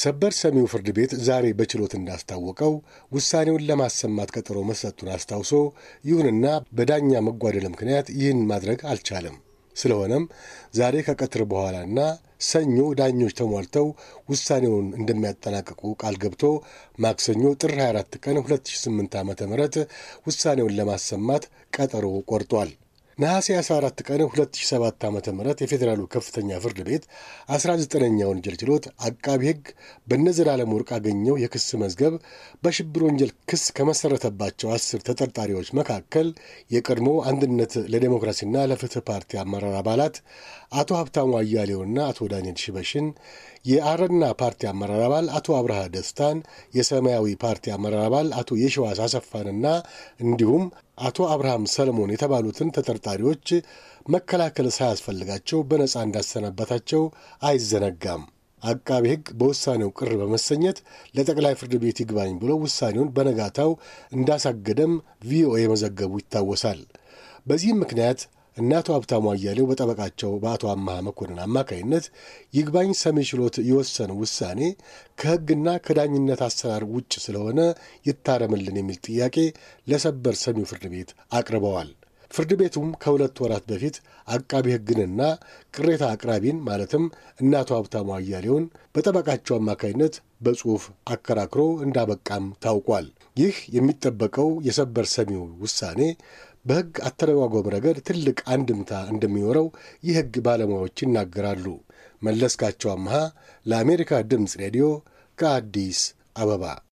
ሰበር ሰሚው ፍርድ ቤት ዛሬ በችሎት እንዳስታወቀው ውሳኔውን ለማሰማት ቀጠሮ መሰጡን አስታውሶ ይሁንና በዳኛ መጓደል ምክንያት ይህን ማድረግ አልቻለም። ስለሆነም ዛሬ ከቀትር በኋላና ሰኞ ዳኞች ተሟልተው ውሳኔውን እንደሚያጠናቅቁ ቃል ገብቶ ማክሰኞ ጥር 24 ቀን 2008 ዓ ም ውሳኔውን ለማሰማት ቀጠሮ ቆርጧል። ነሐሴ 14 ቀን 2007 ዓ ም የፌዴራሉ ከፍተኛ ፍርድ ቤት 19ኛ ወንጀል ችሎት አቃቢ ሕግ በነዘላለም ወርቅ አገኘው የክስ መዝገብ በሽብር ወንጀል ክስ ከመሰረተባቸው አስር ተጠርጣሪዎች መካከል የቀድሞ አንድነት ለዴሞክራሲና ለፍትህ ፓርቲ አመራር አባላት አቶ ሀብታሙ አያሌውና አቶ ዳንኤል ሽበሽን፣ የአረና ፓርቲ አመራር አባል አቶ አብርሃ ደስታን፣ የሰማያዊ ፓርቲ አመራር አባል አቶ የሸዋስ አሰፋንና እንዲሁም አቶ አብርሃም ሰለሞን የተባሉትን ተጠርጣሪዎች መከላከል ሳያስፈልጋቸው በነፃ እንዳሰናበታቸው አይዘነጋም። አቃቢ ሕግ በውሳኔው ቅር በመሰኘት ለጠቅላይ ፍርድ ቤት ይግባኝ ብሎ ውሳኔውን በነጋታው እንዳሳገደም ቪኦኤ መዘገቡ ይታወሳል። በዚህም ምክንያት እና አቶ ሀብታሙ አያሌው በጠበቃቸው በአቶ አምሃ መኮንን አማካኝነት ይግባኝ ሰሚ ችሎት የወሰኑ ውሳኔ ከሕግና ከዳኝነት አሰራር ውጭ ስለሆነ ይታረምልን የሚል ጥያቄ ለሰበር ሰሚው ፍርድ ቤት አቅርበዋል። ፍርድ ቤቱም ከሁለት ወራት በፊት አቃቢ ሕግንና ቅሬታ አቅራቢን ማለትም እነ አቶ ሀብታሙ አያሌውን በጠበቃቸው አማካኝነት በጽሑፍ አከራክሮ እንዳበቃም ታውቋል። ይህ የሚጠበቀው የሰበር ሰሚው ውሳኔ በሕግ አተረጓጎም ረገድ ትልቅ አንድምታ እንደሚኖረው የሕግ ባለሙያዎች ይናገራሉ። መለስካቸው አምሃ ለአሜሪካ ድምፅ ሬዲዮ ከአዲስ አበባ